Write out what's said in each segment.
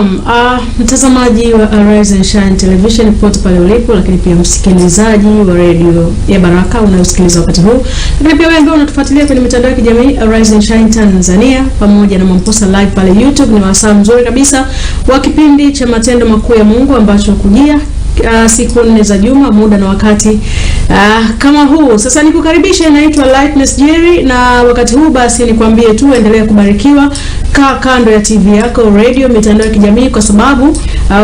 Naam, uh, mtazamaji wa Arise and Shine Television popote pale ulipo, lakini pia msikilizaji wa redio ya Baraka unayosikiliza wakati huu, lakini pia wewe ambao unatufuatilia kwenye mitandao ya kijamii Arise and Shine Tanzania pamoja na Mamposa Live pale YouTube, ni wasaa mzuri kabisa wa kipindi cha matendo makuu ya Mungu ambacho kujia uh, siku nne za juma, muda na wakati uh, kama huu. Sasa nikukaribisha, inaitwa Lightness Jerry, na wakati huu basi nikwambie tu endelea kubarikiwa. Kaa kando ya TV yako, radio, mitandao ya kijamii, kwa sababu uh,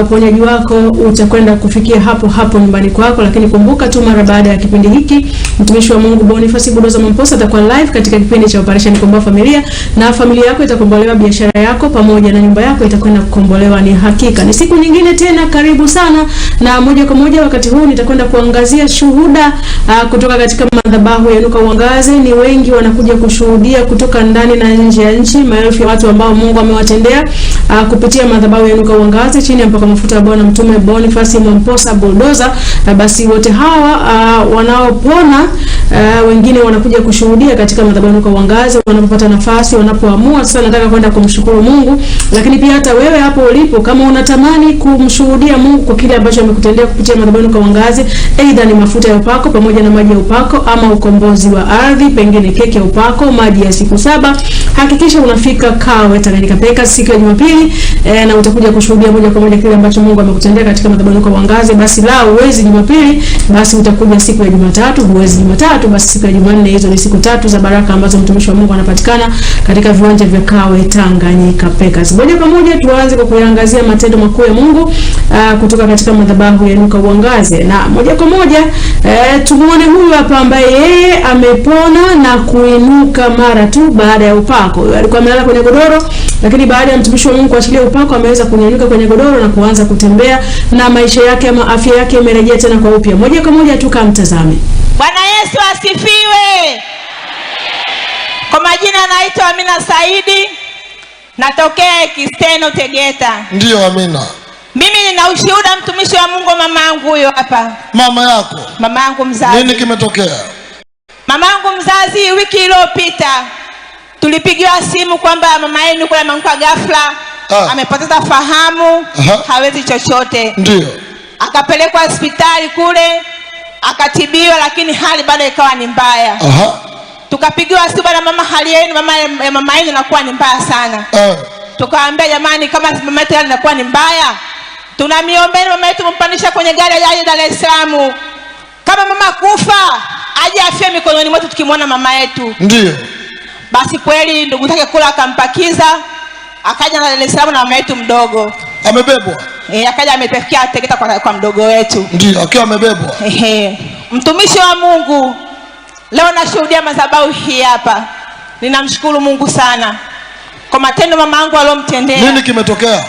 uponyaji wako utakwenda kufikia hapo hapo nyumbani kwako. Lakini kumbuka tu, mara baada ya kipindi hiki mtumishi wa Mungu Boniface Budoza Mamposa atakuwa live katika kipindi cha Operation Komboa Familia, na familia yako itakombolewa, biashara yako pamoja na nyumba yako itakwenda kukombolewa, ni hakika. Ni siku nyingine tena, karibu sana na moja kwa moja wakati huu nitakwenda kuangazia shuhuda uh, kutoka katika madhabahu ya Nuka Uangaze. Ni wengi wanakuja kushuhudia kutoka ndani na nje ya nchi, maelfu ya watu ambao Mungu amewatendea uh, kupitia madhabahu ya Nuka Uangaze chini ya mpaka mafuta ya Bwana Mtume Boniface Mwamposa Bulldozer. Uh, basi wote hawa uh, wanaopona uh, wengine wanakuja kushuhudia katika madhabahu ya Inuka Uangaze wanapopata nafasi, wanapoamua sasa, nataka kwenda kumshukuru Mungu, lakini pia hata wewe hapo ulipo, kama unatamani kumshuhudia Mungu kwa kile ambacho amekuta kujitolea kupitia madhabahu kwa wangazi, aidha ni mafuta ya upako pamoja na maji ya upako, ama ukombozi wa ardhi, pengine keki ya upako, maji ya siku saba. Hakikisha unafika Kawe Tanganyika Packers siku ya Jumapili e, na utakuja kushuhudia moja kwa moja kile ambacho Mungu amekutendea katika madhabahu kwa wangazi. Basi la uwezi Jumapili, basi utakuja siku ya Jumatatu, huwezi Jumatatu, basi siku ya Jumanne. Hizo ni siku tatu za baraka ambazo mtumishi wa Mungu anapatikana katika viwanja vya Kawe Tanganyika Packers. Moja kwa moja tuanze kwa kuangazia matendo makuu ya Mungu aa, ah, kutoka katika madhabahu Mabavu yanuka uangaze. Na moja kwa moja e, tumuone huyu hapa ambaye yeye amepona na kuinuka mara tu baada ya upako. Alikuwa amelala kwenye godoro, lakini baada ya mtumishi wa Mungu kuachilia upako ameweza kunyanyuka kwenye godoro na kuanza kutembea na maisha yake ama afya yake imerejea tena kwa upya. Moja kwa moja tukamtazame. Bwana Yesu asifiwe. Kwa majina anaitwa Amina Saidi, natokea Kisteno, Tegeta. Ndiyo, Amina. Mimi nina ushuhuda, mtumishi wa Mungu, mama yangu huyo hapa. Mama yako? Mama yangu mzazi. Nini kimetokea? Mama yangu mzazi, wiki iliyopita tulipigiwa simu kwamba mama yenu kule ameanguka ghafla, ah. amepoteza fahamu. Aha. hawezi chochote. Ndio akapelekwa hospitali kule akatibiwa, lakini hali bado ikawa ni mbaya. Tukapigiwa simu, bwana mama, hali yenu mama ya mama yenu inakuwa ni mbaya sana. Ah. Tukawaambia jamani, kama mama yetu inakuwa ni mbaya tunamiombeni mama yetu mpandisha kwenye gari ajaje Dar es Salaam. Kama mama kufa aje afie mikononi mwetu, tukimwona mama yetu. Ndio basi kweli, ndugu zake kula akampakiza, akaja na Dar es Salaam na mama yetu mdogo amebebwa e, akaja amepefikia Tegeta kwa, kwa mdogo wetu ndio akiwa amebebwa. Ehe, mtumishi wa Mungu, leo nashuhudia madhabahu hii hapa, ninamshukuru Mungu sana kwa matendo mama yangu aliyomtendea. Nini kimetokea?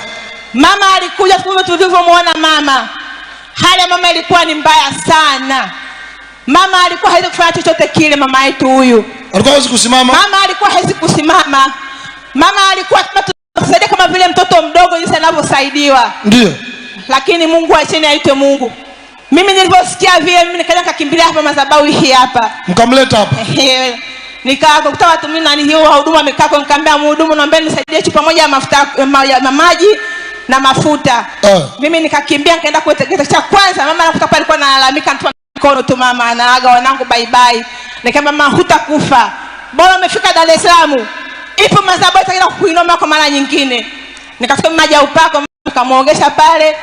Mama alikuja siku tulivyomwona mama, hali ya mama ilikuwa ni mbaya sana. Mama alikuwa hawezi kufanya chochote kile. Mama yetu huyu alikuwa hawezi kusimama, mama alikuwa hawezi kusimama. Mama alikuwa kama tunasaidia kama vile mtoto mdogo jinsi anavyosaidiwa, ndio. Lakini Mungu acheni aitwe Mungu. Mimi nilivyosikia vile, mimi nikaja nikakimbilia hapa madhabahu hii hapa, mkamleta hapa nikakuta watu mimi nani hiyo huduma mikako, nikamwambia mhudumu, naomba nisaidie chupa moja ya mafuta ya maji na mafuta uh. Mimi nikakimbia nikaenda kuetegeza cha kwanza, mama nakuta pale alikuwa analalamika mtu mkono tu, mama anaaga wanangu bye bye. Nikamwambia mama, hutakufa bora umefika Dar es Salaam, ipo madhabahu itaenda kukuinua kwa mara nyingine. Nikafika maji ya upako nikamuongesha pale.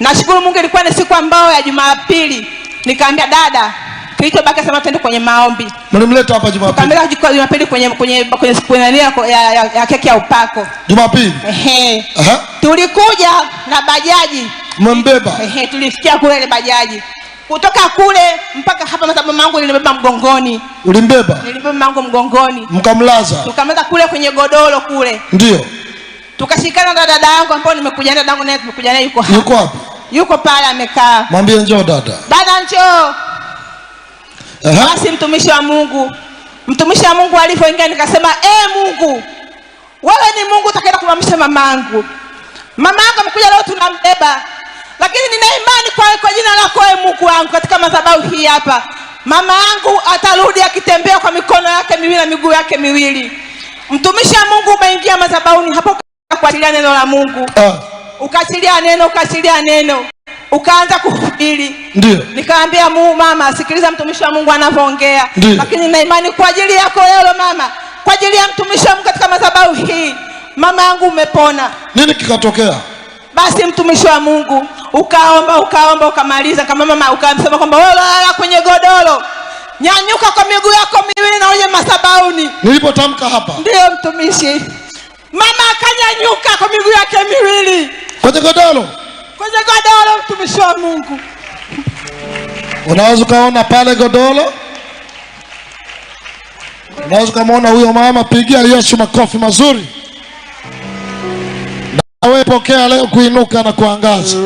Nashukuru Mungu, ilikuwa ni siku ambayo ya Jumapili. nikaambia dada Kilichobaki sema tuende kwenye maombi. Mlimleta hapa Jumapili. Tukamleta Jumapili kwenye kwenye kwenye siku ya ya, ya, keki ya upako. Jumapili. Ehe. Aha. Tulikuja na bajaji. Mmembeba. Ehe, tulifikia kule ile bajaji. Kutoka kule mpaka hapa masababu mangu nilibeba mgongoni. Ulimbeba? Nilibeba mangu mgongoni. Mkamlaza. Tukamlaza kule kwenye godoro kule. Ndio. Tukashikana na dada yangu ambaye nimekuja naye dada yangu naye tumekuja naye yuko hapa. Yuko wapi? Yuko pale amekaa. Mwambie njoo dada. Dada njoo. -huh. Basi mtumishi wa Mungu, mtumishi wa Mungu alipoingia nikasema, e Mungu, wewe ni Mungu utakaenda kumamisha mamangu. Mamangu amekuja leo tunambeba, lakini nina imani kwa, kwa jina lako e Mungu wangu, katika madhabahu hii hapa mama yangu atarudi akitembea kwa mikono yake miwili na miguu yake miwili. Mtumishi wa Mungu umeingia madhabahuni hapo kuachilia neno la Mungu, ah. ukaachilia neno, ukaachilia neno ukaanza kuhubiri, ndio nikaambia mu mama, sikiliza mtumishi wa Mungu anavyoongea, lakini na imani kwa ajili yako leo mama, kwa ajili ya mtumishi wa Mungu katika madhabahu hii, mama yangu umepona. Nini kikatokea? Basi mtumishi wa Mungu ukaomba ukaomba ukamaliza, kama mama ukamsema kwamba wewe lala kwenye godoro, nyanyuka kwa miguu yako miwili na uje masabauni. Nilipotamka hapa, ndio mtumishi, mama akanyanyuka kwa miguu yake miwili kwenye godoro kwenye godoro, mtumishi wa Mungu. Unaweza ukaona pale godoro, unaweza ukamwona huyo mama. Pigia Yesu makofi mazuri. Nawe pokea leo kuinuka na kuangaza.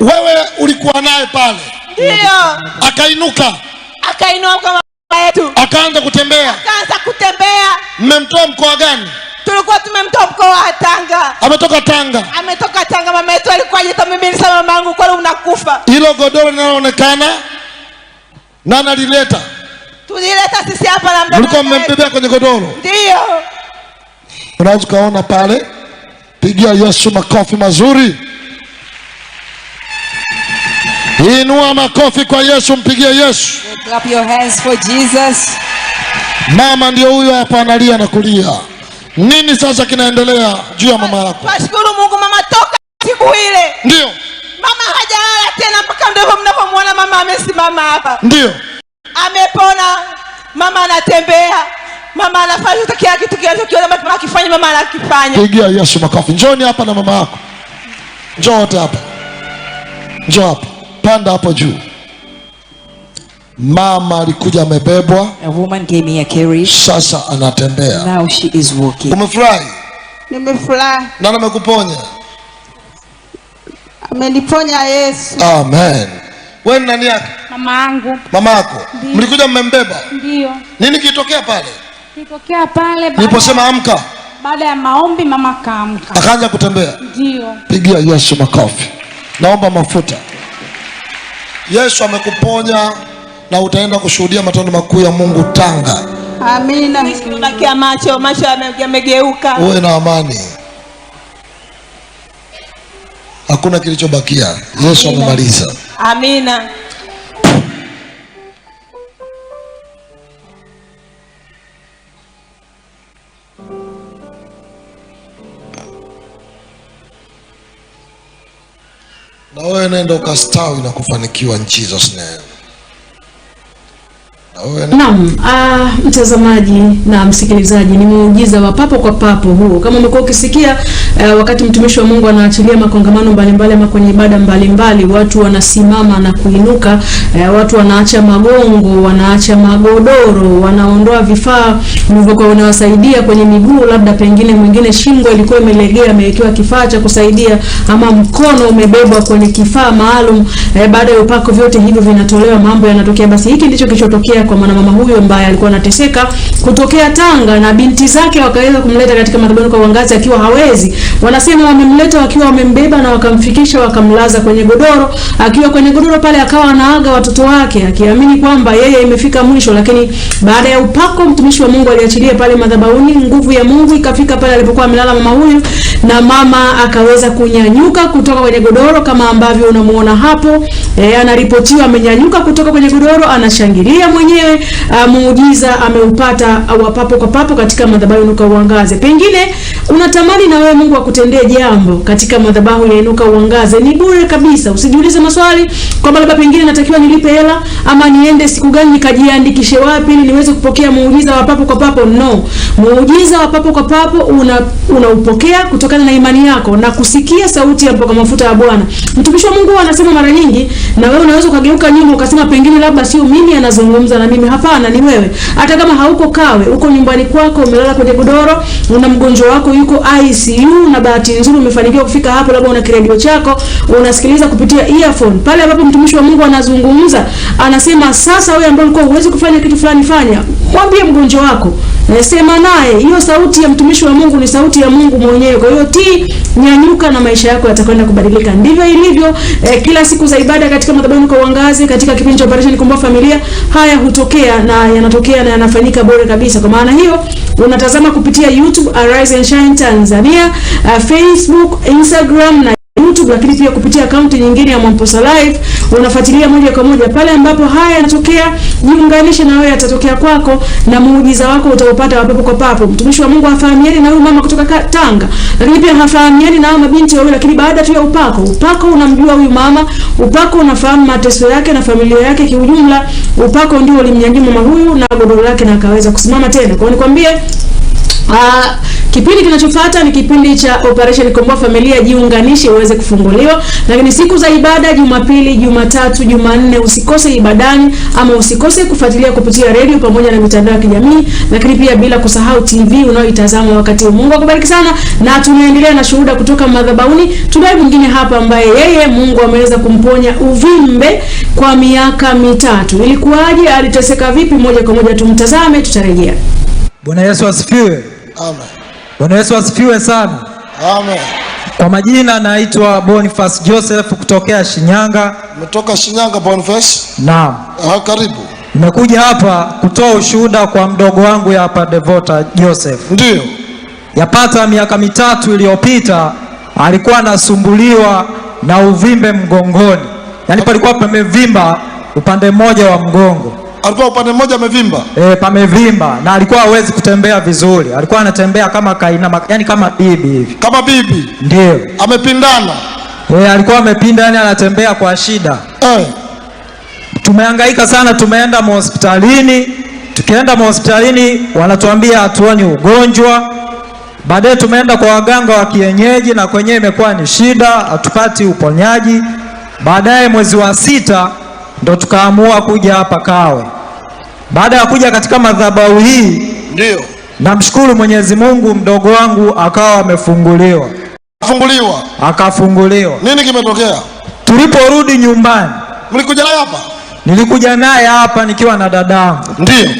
Wewe ulikuwa naye pale, ndio akainuka, akainuka, akaanza kutembea, akaanza kutembea. Mmemtoa mkoa gani? tulikuwa tumemtoa mkoa wa Tanga, ametoka Tanga, ametoka Tanga. Mama yetu alikuwa ajita mimi nilisema mama yangu kwani unakufa. Hilo godoro linaloonekana nani alileta? Tulileta sisi hapa na mdomo. Mlikuwa mmembebea kwenye godoro? Ndio. Unaweza ukaona pale, pigia Yesu makofi mazuri. Inua makofi kwa Yesu, mpigie Yesu. Clap your hands for Jesus. Mama ndio huyo hapa analia na kulia. Nini sasa kinaendelea juu ya mama yako? Nashukuru Mungu mama toka siku ile. Ndio. Mama hajalala tena mpaka ndio mnapomwona mama amesimama hapa. Ndio. Amepona. Mama anatembea. Mama anafanya kila kitu kile mama akifanya mama anakifanya. Pigia Yesu makofi. Njoni hapa na mama yako. Njoo wote hapa. Njoo hapa. Panda hapo juu. Mama alikuja amebebwa, sasa anatembea. Umefurahi? Nimefurahi. Nani amekuponya? Ameniponya Yesu. Amen. Wewe ni nani yake? Mama yangu. Mama yako? Mlikuja mmembeba? Ndio. Nini kilitokea pale? Kilitokea pale niliposema amka. Baada ya maombi mama kaamka. Akaanza kutembea. Ndio. Pigia Yesu makofi. Naomba mafuta. Yesu amekuponya na utaenda kushuhudia matendo makuu ya Mungu Tanga. Amina. Tunakia macho, macho yamegeuka. Uwe na amani, hakuna kilichobakia. Yesu amemaliza. Amina. na wewe nenda ukastawi na kufanikiwa in Jesus name. Naam, uh, mtazamaji na msikilizaji, ni muujiza wa papo kwa papo huu. Kama umekuwa ukisikia uh, wakati mtumishi wa Mungu anaachilia makongamano mbalimbali ama kwenye ibada mbalimbali, watu wanasimama na kuinuka uh, watu wanaacha magongo, wanaacha magodoro, wanaondoa vifaa vilivyokuwa vinawasaidia kwenye miguu, labda pengine mwingine shingo ilikuwa imelegea, amewekewa kifaa cha kusaidia, ama mkono umebebwa kwenye kifaa maalum. Uh, baada ya upako, vyote hivyo vinatolewa, mambo yanatokea. Basi hiki ndicho kilichotokea kwa maana mama huyo ambaye alikuwa anateseka kutokea Tanga na binti zake wakaweza kumleta katika makaburi kwa Wangazi akiwa hawezi. Wanasema wamemleta wakiwa wamembeba na wakamfikisha wakamlaza kwenye godoro. Akiwa kwenye godoro pale akawa anaaga watoto wake akiamini kwamba yeye imefika mwisho, lakini baada ya upako mtumishi wa Mungu aliachilia pale madhabahuni, nguvu ya Mungu ikafika pale alipokuwa amelala mama huyu, na mama akaweza kunyanyuka kutoka kwenye godoro kama ambavyo unamuona hapo. E, anaripotiwa amenyanyuka kutoka kwenye godoro, anashangilia mwenyewe pengine uh, ah, muujiza ameupata ah, wa papo kwa papo katika madhabahu Inuka Uangaze. Pengine unatamani na wewe Mungu akutendee jambo katika madhabahu ya Inuka Uangaze, ni bure kabisa. Usijiulize maswali kwamba labda pengine natakiwa nilipe hela ama niende siku gani nikajiandikishe wapi ili niweze kupokea muujiza wa papo kwa papo. No, muujiza wa papo kwa papo una unaupokea kutokana na imani yako na kusikia sauti ya mpaka mafuta ya Bwana. Mtumishi wa Mungu anasema mara nyingi, na wewe unaweza ukageuka nyuma ukasema pengine labda sio mimi anazungumza na mimi, hapana, ni wewe. Hata kama hauko Kawe, uko nyumbani kwako, umelala kwenye godoro, una mgonjwa wako yuko ICU, na bahati nzuri umefanikiwa kufika hapo, labda una kiredio chako unasikiliza kupitia earphone, pale ambapo mtumishi wa Mungu anazungumza, anasema sasa, wewe ambaye ulikuwa huwezi kufanya kitu fulani, fanya. Mwambie mgonjwa wako nasema naye. Hiyo sauti ya mtumishi wa Mungu ni sauti ya Mungu mwenyewe. Kwa hiyo ti nyanyuka na maisha yako yatakwenda kubadilika. Ndivyo ilivyo eh, kila siku za ibada katika madhabahu kwa uangazi, katika kipindi cha operation kumbwa familia haya hutu yanatokea na yanatokea na yanafanyika bora kabisa. Kwa maana hiyo unatazama kupitia YouTube Arise and Shine Tanzania, uh, Facebook, Instagram na YouTube, lakini pia kupitia akaunti nyingine ya Mwamposa Live unafuatilia moja kwa moja pale ambapo haya yanatokea, jiunganishe na wewe, yatatokea kwako na muujiza wako utaupata wa kwa papo. Mtumishi wa Mungu hafahamiani na huyu mama kutoka Tanga, lakini pia hafahamiani na mabinti wawili, lakini baada tu ya upako, upako unamjua huyu mama, upako unafahamu mateso yake na familia yake kiujumla. Upako ndio ulimnyanyua mama huyu na godoro lake na akaweza kusimama tena. Kwa nikwambie Uh, kipindi kinachofuata ni kipindi cha Operation Komboa Familia, jiunganishe uweze kufunguliwa. Lakini siku za ibada Jumapili, Jumatatu, Jumanne usikose ibadani ama usikose kufuatilia kupitia redio pamoja na mitandao ya kijamii, lakini pia bila kusahau TV unayoitazama wakati. Mungu akubariki sana, na tunaendelea na shuhuda kutoka madhabauni Tunaye mwingine hapa ambaye yeye Mungu ameweza kumponya uvimbe kwa miaka mitatu. Ilikuwaje? Aliteseka vipi? Moja kwa moja tumtazame, tutarejea. Bwana Yesu asifiwe. Bwana Yesu asifiwe sana. Amen. Kwa majina naitwa Boniface Joseph kutokea Shinyanga. Umetoka Shinyanga Boniface? Naam. Ah, karibu. Nimekuja hapa kutoa ushuhuda kwa mdogo wangu hapa Devota Joseph. Ndio. Yapata miaka mitatu iliyopita alikuwa anasumbuliwa na uvimbe mgongoni, yaani palikuwa pamevimba upande mmoja wa mgongo alikuwa upande mmoja amevimba, eh, pamevimba na alikuwa hawezi kutembea vizuri, alikuwa anatembea kama kaina, yani kama bibi hivi, kama bibi ndio amepindana. Eh, alikuwa amepinda, yani anatembea kwa shida eh. Tumehangaika sana, tumeenda hospitalini, tukienda hospitalini wanatuambia hatuoni ugonjwa Baadaye tumeenda kwa waganga wa kienyeji na kwenyewe imekuwa ni shida, hatupati uponyaji. Baadaye mwezi wa sita ndo tukaamua kuja hapa Kawe. Baada ya kuja katika madhabahu hii, ndio namshukuru Mwenyezi Mungu, mdogo wangu akawa amefunguliwa, afunguliwa, akafunguliwa. Nini kimetokea? Tuliporudi nyumbani, mlikuja naye hapa? Nilikuja naye hapa nikiwa na dadangu, ndio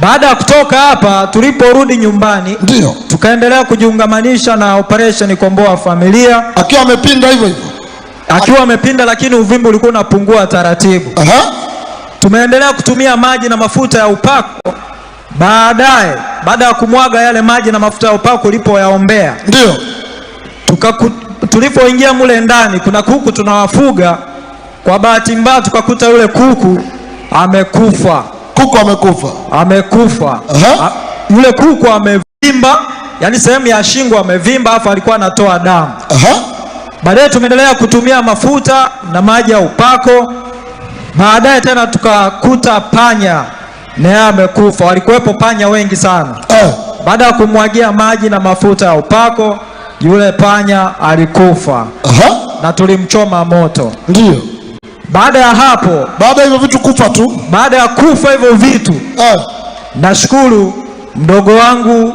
baada ya kutoka hapa tuliporudi nyumbani ndio tukaendelea kujiungamanisha na operation Komboa Familia, akiwa amepinda hivyo hivyo akiwa amepinda, lakini uvimbe ulikuwa unapungua taratibu. Aha. Tumeendelea kutumia maji na mafuta ya upako baadaye, baada ya kumwaga yale maji na mafuta ya upako ulipoyaombea, ndio tulipoingia mule ndani, kuna kuku tunawafuga. Kwa bahati mbaya tukakuta yule kuku amekufa. Kuku amekufa, amekufa. Yule kuku amevimba, yani sehemu ya shingo amevimba, afu alikuwa anatoa damu. Aha. Baadaye tumeendelea kutumia mafuta na maji ya upako. Baadaye tena tukakuta panya na amekufa. Walikuwepo panya wengi sana eh. Baada ya kumwagia maji na mafuta ya upako, yule panya alikufa. -huh. Na tulimchoma moto. Ndio. Baada ya hapo, baada hivyo vitu kufa tu, baada ya kufa hivyo vitu eh. Nashukuru mdogo wangu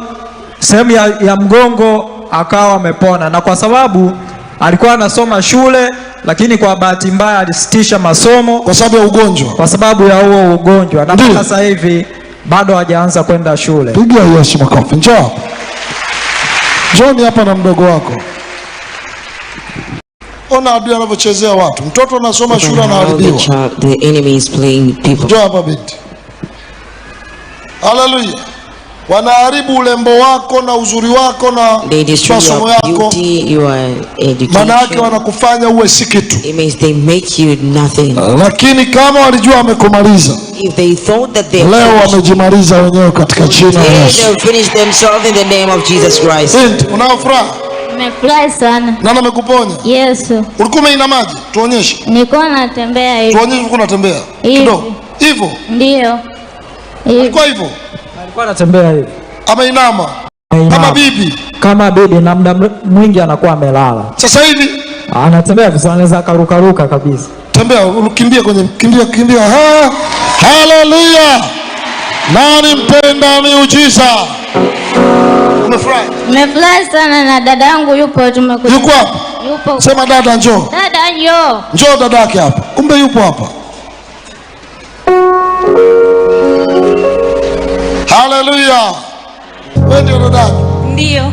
sehemu ya, ya mgongo akawa amepona, na kwa sababu alikuwa anasoma shule lakini kwa bahati mbaya alisitisha masomo kwa sababu ya ugonjwa, kwa sababu ya huo ugonjwa, na mpaka sasa hivi bado hajaanza kwenda shule. Piga Yesu makofi. Njoo hapa, John hapa na mdogo wako. Ona adui anavyochezea watu, mtoto anasoma shule anaharibiwa. The enemy is playing people. Njoo hapa binti. Hallelujah wanaharibu urembo wako na uzuri wako na masomo yako, maana yake wanakufanya uwe si kitu. Lakini kama walijua wamekumaliza, leo wamejimaliza wenyewe katika jina la Yesu. Unaofuraha? Nimefurahi sana. Nani amekuponya? Yesu. Ulikuwa umeina maji? Tuonyeshe. Nilikuwa natembea hivi. Tuonyeshe ulikuwa unatembea. Kidogo. Hivyo. Ndio. Ilikuwa hivyo alikuwa anatembea hivi, ameinama kama bibi, kama bibi, na muda mwingi anakuwa amelala. Sasa hivi anatembea vizuri, anaweza karukaruka kabisa. Tembea, ukimbia kwenye kimbia, kimbia. Ha, haleluya! Nani mpenda miujiza? Umefurahi? sana na dada yangu yupo, tumekuja. Yuko hapa? Yupo. Sema dada, njoo. Dada njoo. Njoo dada yake hapa. Kumbe yupo hapa. Haleluya. Wewe ndio dada? Ndio.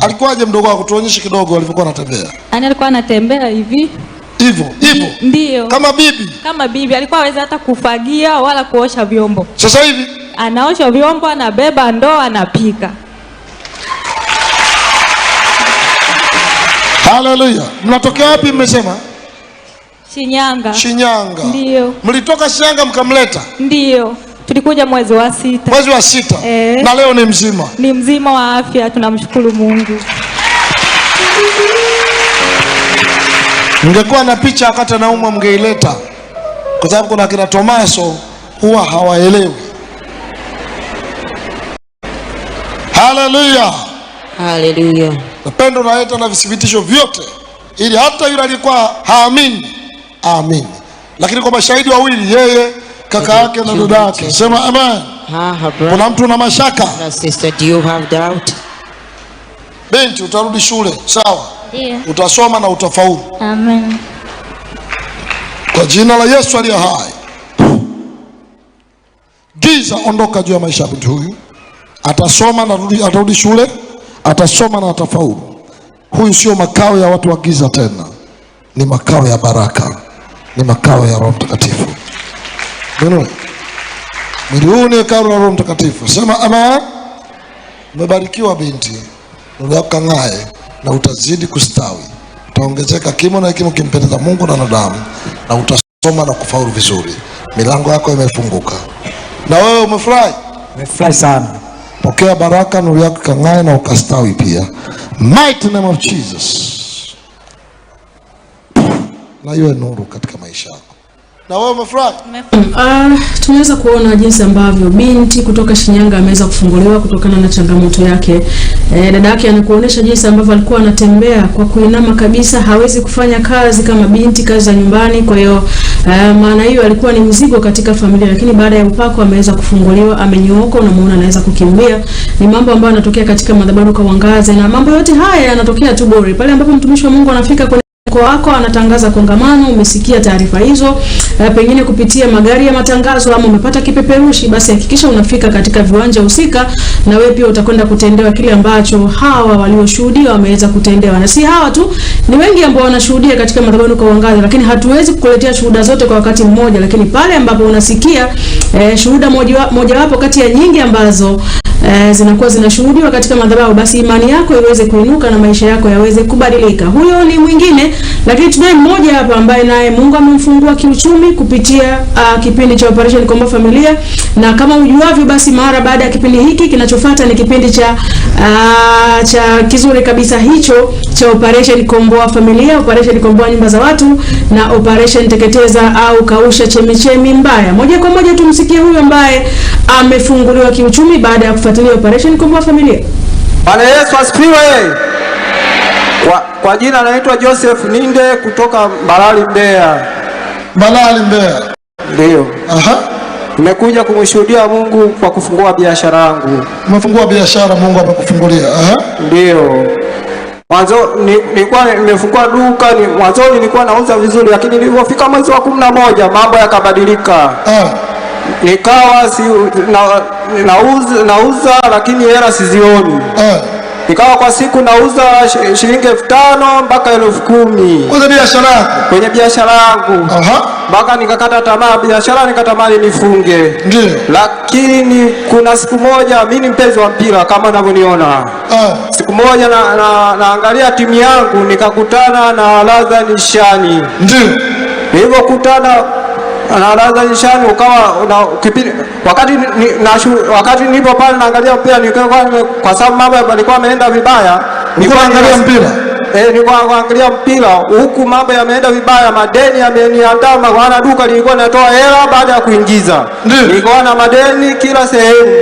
Alikuwaje mdogo wako? Tuonyeshe kidogo alivyokuwa anatembea. Ani alikuwa anatembea hivi hivyo hivyo, ndio kama bibi, kama bibi. Alikuwa hawezi hata kufagia wala kuosha vyombo. Sasa hivi anaosha vyombo, anabeba ndoo, anapika. Haleluya. Mnatokea wapi? Mmesema Shinyanga. Shinyanga ndio. Mlitoka Shinyanga mkamleta? Ndio. Tulikuja mwezi wa sita, mwezi wa sita e, na leo ni mzima, ni mzima wa afya, tunamshukuru Mungu. Mngekuwa na picha wakati anaumwa mngeileta, kwa sababu kuna kina Tomaso huwa hawaelewi. Haleluya, haleluya. Napenda naleta na vithibitisho vyote, ili hata yule alikuwa haamini aamini, lakini kwa mashahidi wawili, yeye kaka yake na dada yake. Sema amen. Kuna mtu na mashaka? Binti, utarudi shule sawa? Yeah. Utasoma na utafaulu. Amen. Kwa jina la Yesu aliye hai, giza ondoka juu ya maisha ya binti huyu. Atasoma na atarudi shule, atasoma na atafaulu. Huyu sio makao ya watu wa giza tena, ni makao ya baraka, ni makao ya Roho Mtakatifu. Hilo mwili huu ni hekalu la Roho Mtakatifu. Sema ama. Umebarikiwa binti, nuru yako ng'ae na utazidi kustawi, utaongezeka kimo na kimo kimpendeza Mungu na wanadamu, na utasoma na kufaulu vizuri. Milango yako imefunguka. Na wewe umefurahi? Umefurahi sana. Pokea baraka, nuru yako kang'ae na ukastawi pia. Mighty name of Jesus. Na iwe nuru katika maisha yako. Na wewe umefurahi? Uh, ah, tunaweza kuona jinsi ambavyo binti kutoka Shinyanga ameweza kufunguliwa kutokana na changamoto yake. E, dada yake anakuonesha jinsi ambavyo alikuwa anatembea kwa kuinama kabisa, hawezi kufanya kazi kama binti, kazi za nyumbani. Kwa hiyo uh, maana hiyo alikuwa ni mzigo katika familia, lakini baada ya upako ameweza kufunguliwa, amenyooka, unamuona anaweza kukimbia. Ni mambo ambayo yanatokea katika madhabahu kwa wangaze, na mambo yote haya yanatokea tu bure pale ambapo mtumishi wa Mungu anafika mkoa wako anatangaza kongamano, umesikia taarifa hizo, eh, pengine kupitia magari ya matangazo ama umepata kipeperushi, basi hakikisha unafika katika viwanja husika, na wewe pia utakwenda kutendewa kile ambacho hawa walioshuhudia wameweza kutendewa. Na si hawa tu, ni wengi ambao wanashuhudia katika Maragoni kwa uangaza, lakini hatuwezi kukuletea shuhuda zote kwa wakati mmoja, lakini pale ambapo unasikia eh, shuhuda mojawapo moja kati ya nyingi ambazo Uh, zinakuwa zinashuhudiwa katika madhabahu, basi imani yako iweze kuinuka na maisha yako yaweze kubadilika. Huyo ni mwingine lakini tunaye mmoja hapa ambaye naye Mungu amemfungua kiuchumi kupitia uh, kipindi cha Operation Komboa Familia, na kama ujuavyo, basi mara baada ya kipindi hiki kinachofuata ni kipindi cha uh, cha kizuri kabisa hicho cha Operation Komboa Familia, Operation Komboa Nyumba za Watu na Operation Teketeza au Kausha Chemichemi Mbaya. Moja kwa moja tumsikie huyo ambaye amefunguliwa kiuchumi baada ya kufuatilia Operation Komboa Familia. Bwana Yesu asifiwe. Kwa jina naitwa Joseph Ninde kutoka Balali Mbeya. Balali Mbeya. Ndio. Aha. Nimekuja kumshuhudia Mungu kwa kufungua biashara yangu. Umefungua biashara, Mungu amekufungulia. Aha. Ndio. Mwanzo nilikuwa ni nimefungua duka ni, mwanzo nilikuwa nauza vizuri, lakini nilipofika mwezi wa kumi na moja mambo yakabadilika. Ah. Nikawa si, na, nauza, nauza lakini hela sizioni. Aha ikawa kwa siku nauza shilingi elfu tano mpaka elfu kumi kwenye biashara yako, kwenye biashara yangu mpaka nikakata tamaa biashara, nikatamani nifunge. Ndiyo. Lakini kuna siku moja, mi ni mpenzi wa mpira kama navyoniona, ah. siku moja na, na, naangalia timu yangu nikakutana na Razan Shani. Ndiyo. Nilivyokutana na Razan Nishani ukawa na kipindi Wakati ni, na, wakati nipo pale naangalia mpira nilikuwa kwa sababu mambo yalikuwa yameenda vibaya, nilikuwa naangalia mpira eh, nilikuwa naangalia mpira huku mambo yameenda vibaya, madeni yameniandama, maana duka lilikuwa linatoa hela baada ya kuingiza, nilikuwa na madeni kila sehemu.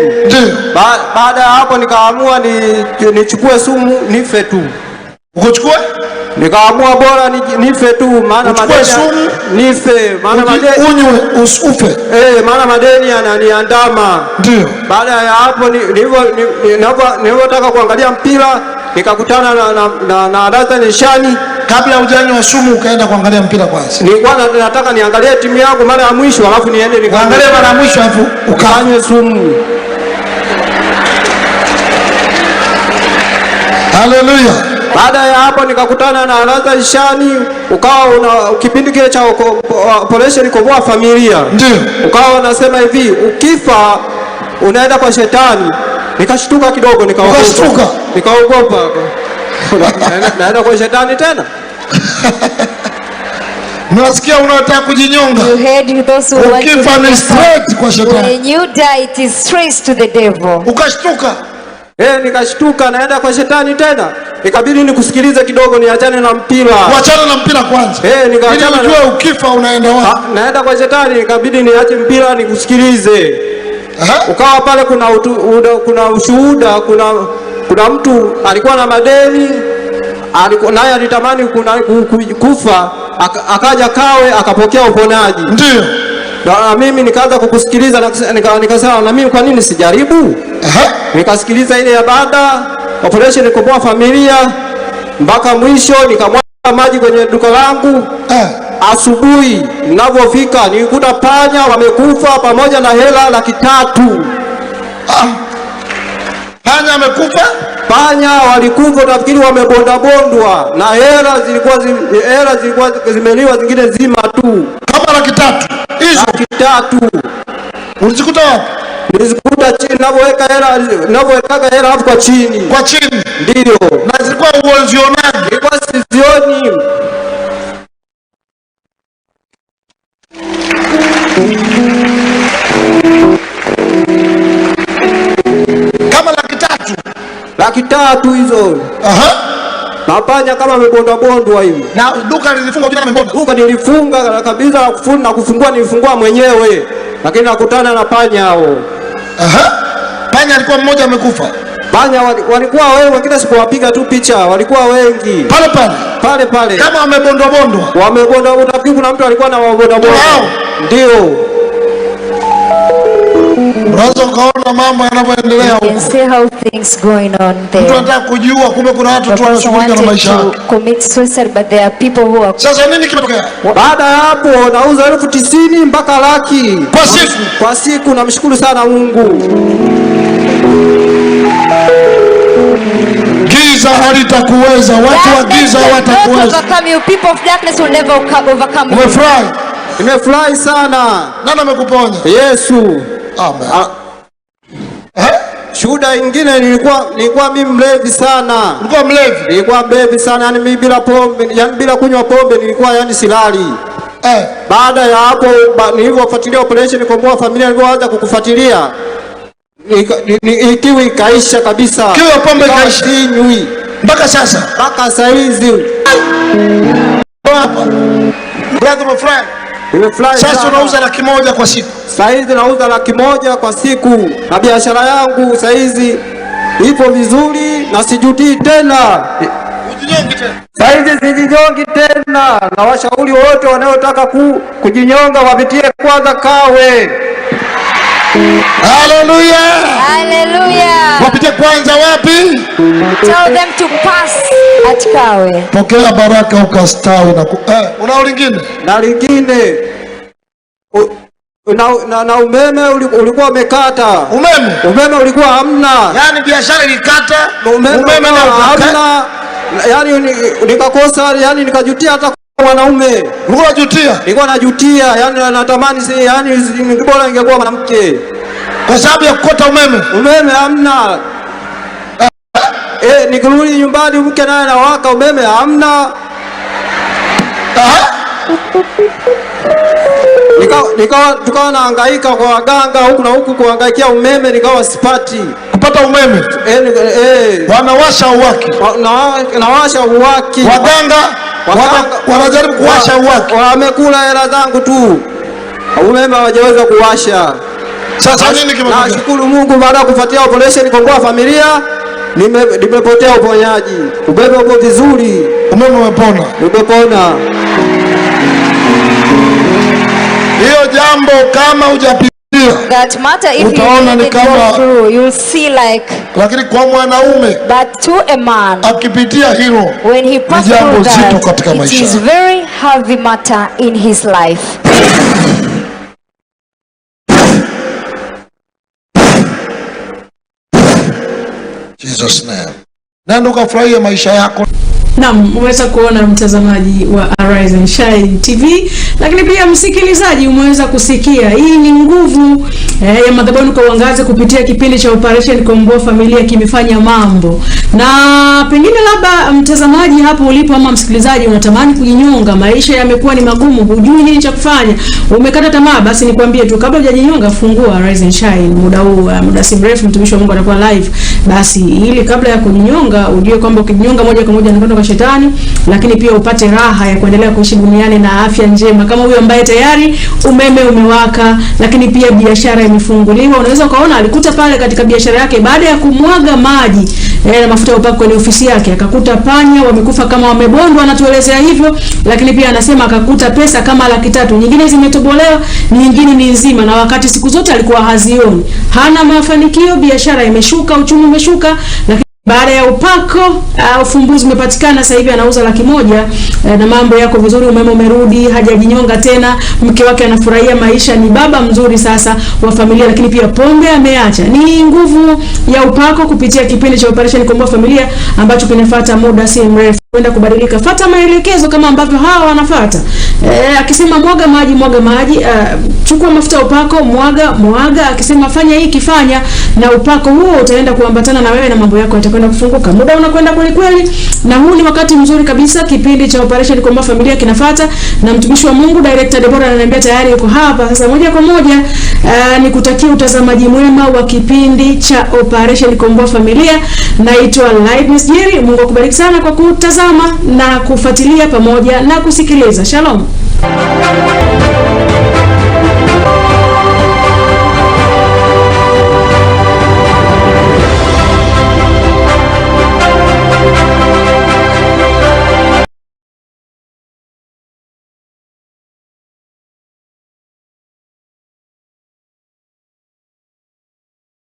Ba, baada ya hapo nikaamua nichukue ni sumu nife tu. Ukochukue? Nikaamua bora nife tu, maana unywe eh, maana madeni yananiandama. Ndio baada ya hapo nilivyotaka kuangalia mpira nikakutana na, na, na, na Adatha Nishani. Kabla wa sumu ukaenda kuangalia mpira kwanza? Nilikuwa nataka niangalie timu yangu mara ya mwisho, alafu niende nikaangalie mara ya mwisho, alafu ukanywe sumu. Hallelujah. Baada ya hapo nikakutana na Alhaji Shani, ukawa una kipindi kile cha operation kuboa familia, ndio ukawa unasema hivi ukifa unaenda kwa shetani. Nikashtuka kidogo, nikaogopa, nikaogopa naenda kwa shetani tena Nasikia unataka kujinyonga. You heard those who to be straight kwa shetani. When you die it is straight to the devil. Ukashtuka. Eh, nikashtuka naenda kwa shetani tena ikabidi nikusikilize kidogo, niachane na mpira, kuachana na mpira kwanza, eh, nikaachana na ukifa unaenda wapi? Ah, naenda kwa shetani. Ikabidi niache mpira nikusikilize. ukawa pale kuna utu, uda, kuna ushuhuda, kuna kuna mtu alikuwa na madeni, naye alitamani kufa, akaja Kawe akapokea uponaji. Ndio na mimi nikaanza kukusikiliza, nikasema na mimi kwa nini sijaribu? Aha, nikasikiliza ile baada operation nikopoa familia mpaka mwisho, nikamwaga maji kwenye duka langu. Eh. Asubuhi ninavyofika nilikuta panya wamekufa pamoja na hela laki tatu. Ah. Panya amekufa? Panya walikufa, nafikiri wamebondabondwa, na hela zilikuwa zi, hela zilikuwa zimeliwa zingine zima tu, kama laki tatu hizo. Laki tatu ulizikuta wapi? nilizikuta chini, navyoweka hela, navyoweka hela hapo kwa chini, kwa chini ndio. Na zilikuwa uonzionaje? Ilikuwa sizioni. Kama laki tatu, laki tatu hizo. Aha. Napanya kama amebonda bondwa hivi. Na duka lilifunga jana amebonda. Duka nilifunga kabisa na kufungua nilifungua mwenyewe. Lakini nakutana na panya hao. Aha. Panya alikuwa mmoja amekufa. Panya walikuwa wengi, wengine wapiga tu picha, walikuwa wengi pale pale pale pale, kama wamebondwa bondwa, wamebondwa. bondwa, kuna mtu alikuwa na wabondwa bondwa, ndio mambo yanavyoendelea huko. Mtu kujua kumbe kuna watu tu wanashughulika na maisha yao. Sasa nini kimetokea? Baada ya hapo nauza elfu tisini mpaka laki kwa siku. Kwa siku namshukuru sana Mungu. Giza halitakuweza, watu wa giza Nimefurahi sana. Nani amekuponya? Yesu. Amen. Ah. Shuhuda ingine nilikuwa nilikuwa mimi mlevi sana. Nilikuwa mlevi. Nilikuwa mlevi sana yani mimi bila pombe, yani bila kunywa pombe nilikuwa yani silali. Eh. Baada ya hapo ba, nilivyofuatilia operation komboa familia nilipoanza kukufuatilia. Ikiwa ikaisha kabisa. Kiwa pombe kaisha. Sinywi. Mpaka sasa. Mpaka saa hizi. Brother my friend. Sasa unauza laki moja kwa siku. Sasa hizi nauza laki moja kwa siku na biashara yangu sasa hizi ipo vizuri na sijutii tena. Sasa hizi sijinyongi tena, na washauri wote wanaotaka ku, kujinyonga wapitie kwanza Kawe. Haleluya. Haleluya. Wapite kwanza wapi? Tell them to pass at Kawe. Pokea baraka ukastawi na eh, unao lingine? Na lingine. Na, na, na umeme ulikuwa umekata. Umeme? Umeme ulikuwa hamna. Yaani biashara ilikata. Umeme, umeme na hamna. Yaani nikakosa, yaani nikajutia hata mwanaume nilikuwa najutia, nilikuwa najutia, yani natamani si, yani bora ingekuwa mwanamke, kwa sababu ya kukota umeme. Umeme hamna. Ah. Eh, nikirudi nyumbani mke naye anawaka umeme, hamna. Nikawa tukawa naangaika kwa waganga huku na huku kuangaikia umeme, nikawa sipati kupata umeme. Eh, eh, wanawasha uwaki, nawasha uwaki waganga wanajaribu kuwasha uwaki, wamekula hela zangu tu, umeme hawajaweza kuwasha. Sasa nini kimetokea? Nashukuru Mungu, baada ya kufuatia operation kongoa familia nimepotea uponyaji, ubebe uko vizuri, umeme umepona, umepona. Hiyo jambo kama hujapi that matter if you ni kama through, you'll see like, but to a man, hero, when he passes through that, katika maisha. It is very heavy matter in his life. Jesus name. maisha yako. Naam, umeweza kuona mtazamaji wa Arise and Shine TV, lakini pia msikilizaji umeweza kusikia. Hii ni nguvu eh, ya madhabahu kwa uangaze kupitia kipindi cha Operation Komboa Familia kimefanya mambo, na pengine labda mtazamaji hapo ulipo ama msikilizaji unatamani kujinyonga, maisha yamekuwa ni magumu, hujui nini cha kufanya, umekata tamaa, basi nikwambie tu, kabla hujajinyonga, fungua Arise and Shine muda huu, eh, muda si mrefu mtumishi wa Mungu atakuwa live. Basi ili kabla ya kujinyonga ujue kwamba ukijinyonga moja kwa moja kwa shetani, lakini pia upate raha ya kuendelea kuishi duniani na afya njema, kama huyo ambaye tayari umeme umewaka, lakini pia biashara imefunguliwa. Unaweza ukaona alikuta pale katika biashara yake, baada ya kumwaga maji eh, na mafuta ya upako kwenye ofisi yake, akakuta panya wamekufa kama wamebondwa, anatuelezea hivyo, lakini pia anasema akakuta pesa kama laki tatu, nyingine zimetobolewa, nyingine ni nzima, na wakati siku zote alikuwa hazioni. Hana mafanikio, biashara imeshuka, uchumi umeshuka, lakini baada ya upako uh, ufumbuzi umepatikana. Sasa hivi anauza laki moja uh, na mambo yako vizuri, umeme umerudi, hajajinyonga tena, mke wake anafurahia maisha, ni baba mzuri sasa wa familia. Lakini pia pombe ameacha. Ni nguvu ya upako kupitia kipindi cha Operation Komboa Familia ambacho kinafuata muda si mrefu kwenda kubadilika. Fata maelekezo kama ambavyo hawa wanafata. E, eh, akisema mwaga maji, mwaga maji. E, chukua mafuta upako, mwaga mwaga. Akisema fanya hii, kifanya na upako huo utaenda kuambatana na wewe na mambo yako yatakwenda kufunguka. Muda unakwenda kweli kweli, na huu ni wakati mzuri kabisa, kipindi cha Operation Komboa Familia kinafata, na mtumishi wa Mungu Director Deborah ananiambia tayari yuko hapa. Sasa moja kwa moja, uh, eh, nikutakia utazamaji mwema wa kipindi cha Operation Komboa Familia. Naitwa Lightness Jerry. Mungu akubariki sana kwa kutazama kutazama na kufuatilia pamoja na kusikiliza. Shalom.